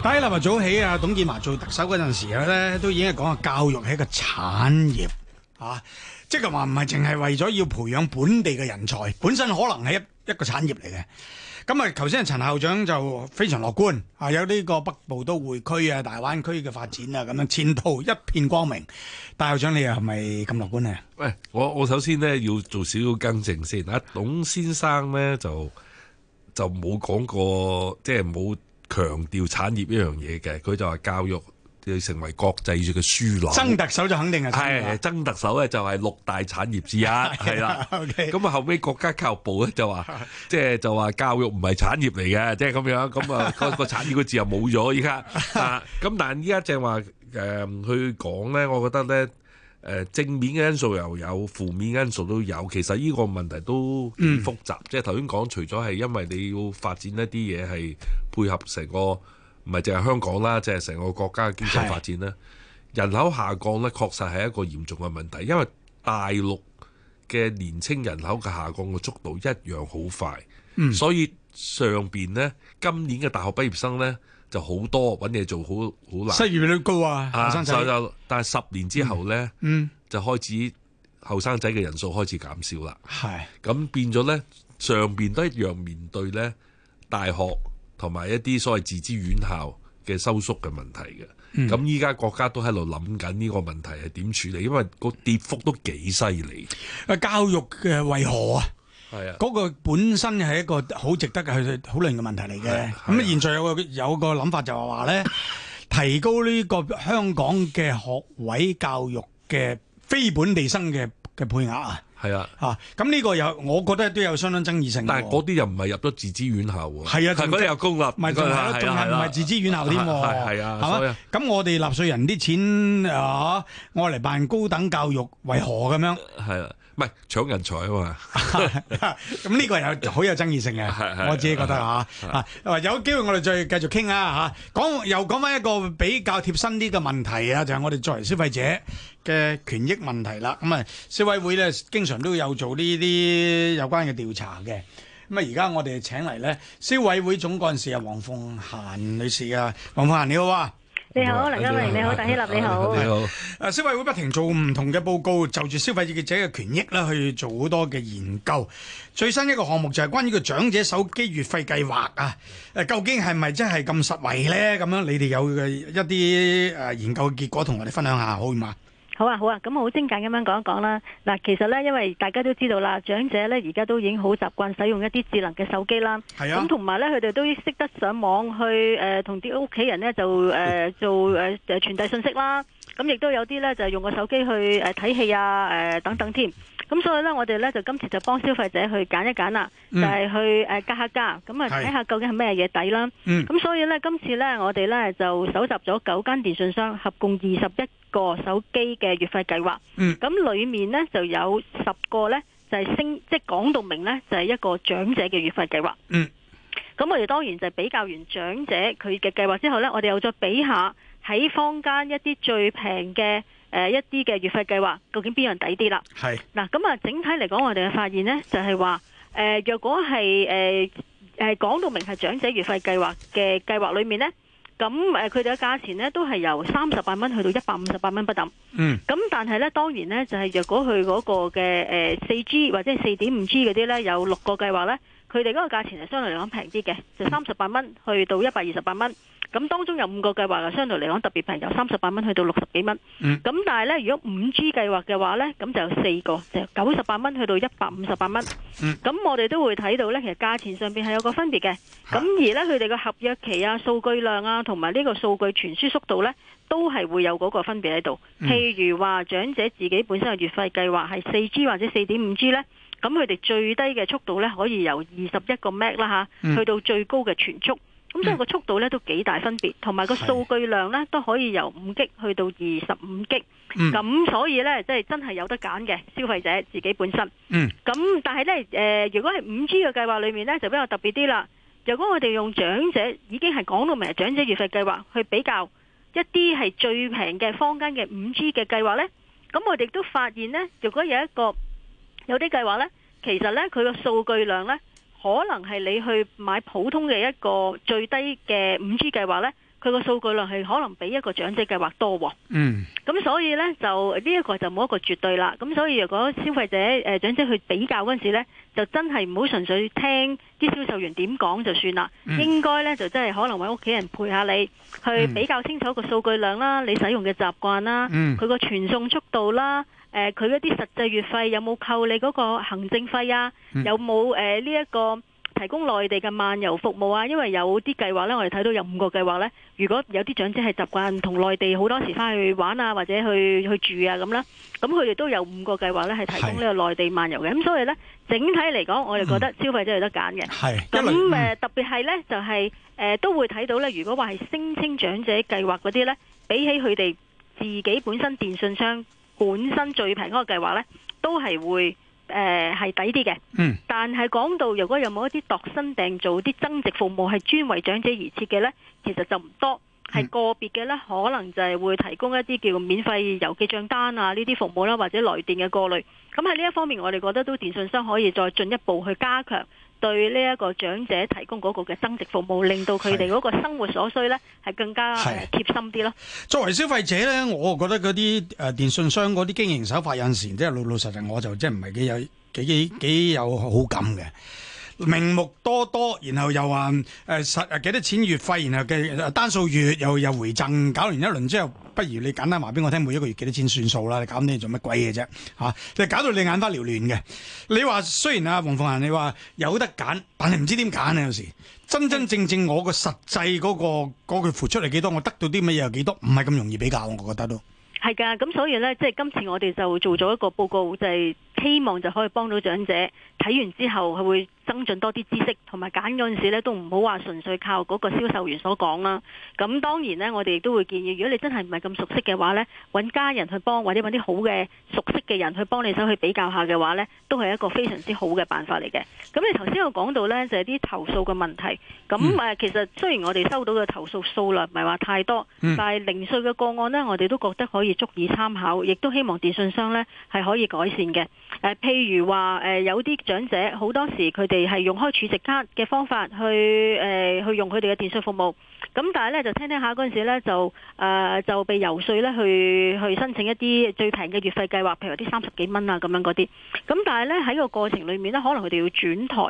第一，今日早起啊，董建華做特首嗰陣時咧，都已經講教育係一個產業，吓、啊，即係話唔係淨係為咗要培養本地嘅人才，本身可能係一一個產業嚟嘅。咁啊，頭先陳校長就非常樂觀，啊，有呢個北部都會區啊，大灣區嘅發展啊，咁樣前途一片光明。戴校長你又係咪咁樂觀呢？喂，我我首先呢，要做少少更正先啊，董先生呢，就就冇講過，即係冇。強調產業一樣嘢嘅，佢就話教育要成為國際嘅樞紐。曾特首就肯定係，係、哎、曾特首咧就係六大產業之一，係啦 的。咁啊、okay、後尾國家教育部咧就話，即係就話、是、教育唔係產業嚟嘅，即係咁樣，咁啊個個產業個字又冇咗依家。咁、啊、但係依家淨係話誒、呃、去講咧，我覺得咧。呃、正面嘅因素又有，負面因素都有。其實呢個問題都複雜，嗯、即係頭先講，除咗係因為你要發展一啲嘢係配合成個，唔係淨係香港啦，即係成個國家嘅經濟發展啦。的人口下降呢，確實係一個嚴重嘅問題，因為大陸嘅年輕人口嘅下降嘅速度一樣好快，嗯、所以上面呢，今年嘅大學畢業生呢。就好多搵嘢做，好好難。失業率高啊！後生仔，就、啊、但係十年之後咧，嗯嗯、就開始後生仔嘅人數開始減少啦。係咁是變咗咧，上邊都一樣面對咧大學同埋一啲所謂自資院校嘅收縮嘅問題嘅。咁依家國家都喺度諗緊呢個問題係點處理，因為個跌幅都幾犀利。啊，教育嘅為何？係啊，嗰個本身係一個好值得去討論嘅問題嚟嘅。咁啊，現在有有個諗法就係話咧，提高呢個香港嘅學位教育嘅非本地生嘅嘅配額啊。係啊，啊，咁呢個又我覺得都有相當爭議性。但係嗰啲又唔係入咗自資院校喎。係啊，啲又公立啊，唔係仲係仲係唔係自資院校添。係啊，係嘛，咁我哋納稅人啲錢啊，我嚟辦高等教育為何咁樣？係啊。唔係搶人才啊嘛，咁呢個又好有爭議性嘅， 我自己覺得嚇。啊， 有機會我哋再繼續傾啊嚇。講，又講翻一個比較貼身啲嘅問題啊，就係、是、我哋作為消費者嘅權益問題啦。咁啊，消委會咧經常都有做呢啲有關嘅調查嘅。咁啊，而家我哋請嚟咧消委會總幹事啊黃鳳嫻女士啊，黃鳳嫻你好啊！你好，梁嘉偉，你好，戴希立，你好。消委會不停做唔同嘅報告，就住消費者嘅者嘅權益去做好多嘅研究。最新一個項目就係關於個長者手機月費計劃啊，究竟係咪真係咁實惠呢，咁樣，你哋有嘅一啲，呃，研究嘅結果同我哋分享下好唔好？好啊，好啊，咁我好精簡咁樣講一講啦。嗱，其實咧，因為大家都知道啦，長者咧而家都已經好習慣使用一啲智能嘅手機啦。係啊，咁同埋咧，佢哋都識得上網去誒，同啲屋企人咧就誒做誒傳遞信息啦。咁亦都有啲咧，就用個手機去誒睇戲啊，誒等等添。咁所以咧，我哋咧就今次就幫消費者去揀一揀啦，嗯、就係去誒格下價，咁啊睇下究竟係咩嘢抵啦。咁、嗯、所以咧，今次咧我哋咧就搜集咗九間電信商，合共二十一個手機嘅月費計劃。咁、嗯、裏面呢，就有十個咧就係升即係講到明咧就係一個長者嘅月費計劃。咁、嗯、我哋當然就比較完長者佢嘅計劃之後咧，我哋又再比下。喺坊間一啲最平嘅，誒，一啲嘅月費計劃，究竟邊樣抵啲啦？係嗱是，咁啊，整體嚟講，我哋嘅發現呢，就係話誒，若果係誒誒講到明係長者月費計劃嘅計劃裏面呢，咁誒佢哋嘅價錢呢，都係由三十八蚊去到一百五十八蚊不等。嗯。咁但係呢，當然呢，就係、是、若果佢嗰個嘅誒四 G 或者係四點五 G 嗰啲呢，有六個計劃呢，佢哋嗰個價錢係相對嚟講平啲嘅，就三十八蚊去到一百二十八蚊。嗯嗯。咁當中有五個計劃啦，相對嚟講特別平，由三十八蚊去到六十幾蚊。咁、嗯、但係呢，如果五 G 計劃嘅話呢，咁就有四個，就九十八蚊去到一百五十八蚊。咁、嗯、我哋都會睇到呢，其實價錢上邊係有個分別嘅。咁、啊、而呢，佢哋嘅合約期啊、數據量啊，同埋呢個數據傳輸速度呢，都係會有嗰個分別喺度。嗯、譬如話長者自己本身嘅月費計劃係四 G 或者四點五 G 呢，咁佢哋最低嘅速度呢，可以由二十一個 Mbps、啊、啦去到最高嘅傳速。嗯咁所以個速度咧都幾大分別，同埋個數據量咧都可以由五吉去到二十五吉，咁所以咧即係真係有得揀嘅消費者自己本身。咁但係咧誒，如果係五 G 嘅計劃裏面咧就比較特別啲啦。如果我哋用長者已經係講到明長者月費計劃去比較一啲係最平嘅坊間嘅五 G 嘅計劃咧，咁我哋都發現咧，如果有一個有啲計劃咧，其實咧佢個數據量咧。可能係你去買普通嘅一個最低嘅五 G 計劃呢，佢個數據量係可能比一個長者計劃多，哦。嗯，咁所以呢，就呢一個就冇一個絕對啦。咁所以如果消費者誒、呃、長者去比較嗰陣時呢，就真係唔好純粹聽啲銷售員點講就算啦。應該呢，就真係、嗯、可能搵屋企人陪下你去比較清楚個數據量啦，你使用嘅習慣啦，佢個傳送速度啦。誒佢嗰啲實際月費有冇扣你嗰個行政費啊？有冇誒呢一個提供內地嘅漫遊服務啊？因為有啲計劃咧，我哋睇到有五個計劃咧。如果有啲長者係習慣同內地好多時翻去玩啊，或者去去住啊咁啦，咁佢哋都有五個計劃咧，係提供呢個內地漫遊嘅。咁所以咧，整體嚟講，我哋覺得消費者有得揀嘅。係。咁誒特別係咧，就係誒都會睇到咧。如果話係聲稱長者計劃嗰啲咧，比起佢哋自己本身電信商，本身最平嗰個計劃呢，都係會誒係抵啲嘅。呃、是嗯，但係講到如果有冇一啲度身訂造啲增值服務係專為長者而設嘅呢，其實就唔多，係個別嘅呢，可能就係會提供一啲叫免費郵寄帳單啊呢啲服務啦、啊，或者來電嘅過濾。咁喺呢一方面，我哋覺得都電訊商可以再進一步去加強。對呢一個長者提供嗰個嘅增值服務，令到佢哋嗰個生活所需咧，係更加貼心啲咯。作為消費者咧，我覺得嗰啲誒電訊商嗰啲經營手法有時即係老老實實，我就即係唔係幾有幾幾幾有好感嘅，名目多多，然後又話誒實誒幾多錢月費，然後嘅單數月又又回贈，搞完一輪之後。不如你簡單話俾我聽，每一個月幾多錢算數啦？你搞啲做乜鬼嘢啫？嚇、啊！你搞到你眼花撩亂嘅。你話雖然啊，黃鳳嫻，你話有得揀，但係唔知點揀啊！有時真真正正我個實際嗰個嗰句付出嚟幾多，我得到啲乜嘢又幾多，唔係咁容易比較，我覺得都係㗎。咁所以咧，即係今次我哋就做咗一個報告，就係、是、希望就可以幫到長者。睇完之後佢會增進多啲知識，同埋揀嗰陣時呢都唔好話純粹靠嗰個銷售員所講啦。咁當然呢，我哋都會建議，如果你真係唔係咁熟悉嘅話呢，揾家人去幫，或者揾啲好嘅熟悉嘅人去幫你手去比較下嘅話呢都係一個非常之好嘅辦法嚟嘅。咁你頭先有講到呢，就係啲投訴嘅問題。咁誒其實雖然我哋收到嘅投訴數量唔係話太多，但係零碎嘅個案呢，我哋都覺得可以足以參考，亦都希望電信商呢係可以改善嘅。譬如話誒有啲者好多時佢哋係用開儲值卡嘅方法去誒、呃、去用佢哋嘅電信服務，咁但係呢，就聽聽一下嗰陣時呢就誒、呃、就被游說呢去去申請一啲最平嘅月費計劃，譬如啲三十幾蚊啊咁樣嗰啲，咁但係呢，喺個過程裏面呢，可能佢哋要轉台，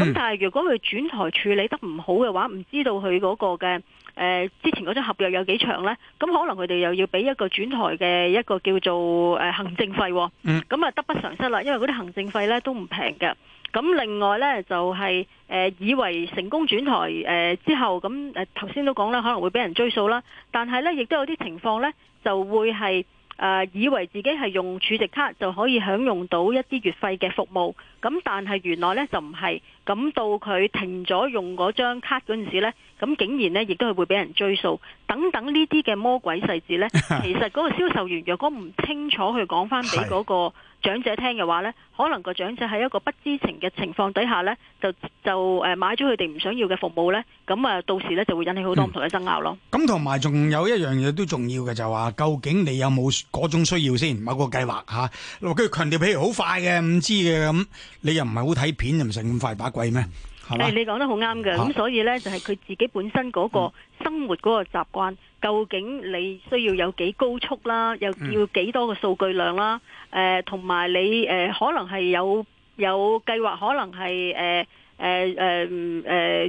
咁但係如果佢轉台處理得唔好嘅話，唔知道佢嗰個嘅。誒、呃、之前嗰張合約有幾長呢？咁可能佢哋又要俾一個轉台嘅一個叫做、呃、行政費，喔，咁啊得不償失啦，因為嗰啲行政費呢都唔平嘅。咁另外呢，就係、是、誒、呃、以為成功轉台、呃、之後，咁誒頭先都講啦，可能會俾人追數啦。但係呢，亦都有啲情況呢，就會係誒、呃、以為自己係用儲值卡就可以享用到一啲月費嘅服務，咁但係原來呢，就唔係。咁到佢停咗用嗰張卡嗰陣時呢。咁竟然咧，亦都係會俾人追數，等等呢啲嘅魔鬼細節咧，其實嗰個銷售員若果唔清楚去講翻俾嗰個長者聽嘅話咧，可能個長者喺一個不知情嘅情況底下咧，就就誒買咗佢哋唔想要嘅服務咧，咁啊到時咧就會引起好多唔同嘅爭拗咯。咁同埋仲有一樣嘢都重要嘅，就係話，究竟你有冇嗰種需要先？某個計劃吓，跟住強調，譬如好快嘅、唔知嘅咁，你又唔係好睇片，又唔使咁快把鬼咩？誒，你講得好啱嘅，咁所以呢，就係、是、佢自己本身嗰個生活嗰個習慣，嗯、究竟你需要有幾高速啦，又要幾多個數據量啦，誒、嗯，同埋、呃、你誒、呃，可能係有有計劃，可能係誒。呃誒誒誒，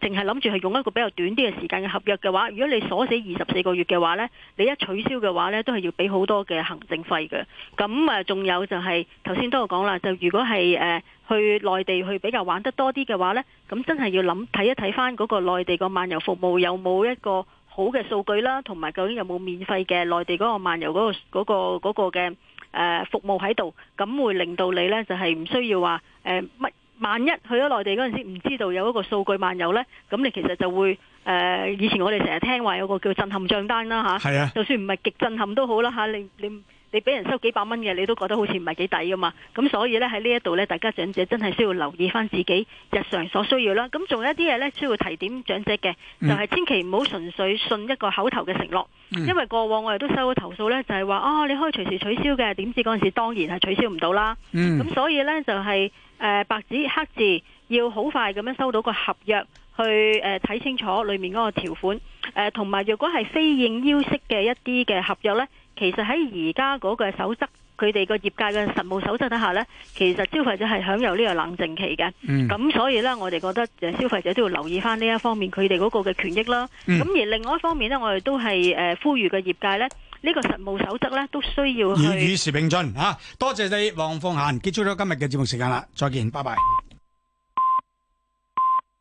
淨係諗住係用一個比較短啲嘅時間嘅合約嘅話，如果你鎖死二十四個月嘅話呢，你一取消嘅話呢都係要俾好多嘅行政費嘅。咁啊，仲有就係頭先都有講啦，就如果係誒去內地去比較玩得多啲嘅話呢，咁真係要諗睇一睇翻嗰個內地個漫遊服務有冇一個好嘅數據啦，同埋究竟有冇免費嘅內地嗰個漫遊嗰個嗰個嗰個嘅誒服務喺度，咁會令到你呢，就係唔需要話誒乜。呃萬一去咗內地嗰陣時唔知道有一個數據漫遊呢。咁你其實就會誒、呃，以前我哋成日聽話有個叫震撼賬單啦嚇，啊是啊、就算唔係極震撼都好啦你、啊、你。你你俾人收幾百蚊嘅，你都覺得好似唔係幾抵㗎嘛？咁所以呢，喺呢一度呢，大家長者真係需要留意返自己日常所需要啦。咁仲有一啲嘢呢，需要提點長者嘅，就係、是、千祈唔好純粹信一個口頭嘅承諾，嗯、因為過往我哋都收到投訴呢，就係、是、話啊你可以隨時取消嘅，點知嗰陣時當然係取消唔到啦。咁、嗯、所以呢，就係、是呃、白紙黑字要好快咁樣收到個合約去睇、呃、清楚裏面嗰個條款同埋若果係非應邀式嘅一啲嘅合約呢。其實喺而家嗰個守則，佢哋個業界嘅實務守則底下呢，其實消費者係享有呢個冷靜期嘅。咁、嗯、所以呢，我哋覺得消費者都要留意翻呢一方面佢哋嗰個嘅權益啦。咁、嗯、而另外一方面呢，我哋都係誒呼籲嘅業界呢，呢、這個實務守則呢都需要去與時並進。吓、啊，多謝你，黃鳳嫻，結束咗今日嘅節目時間啦，再見，拜拜。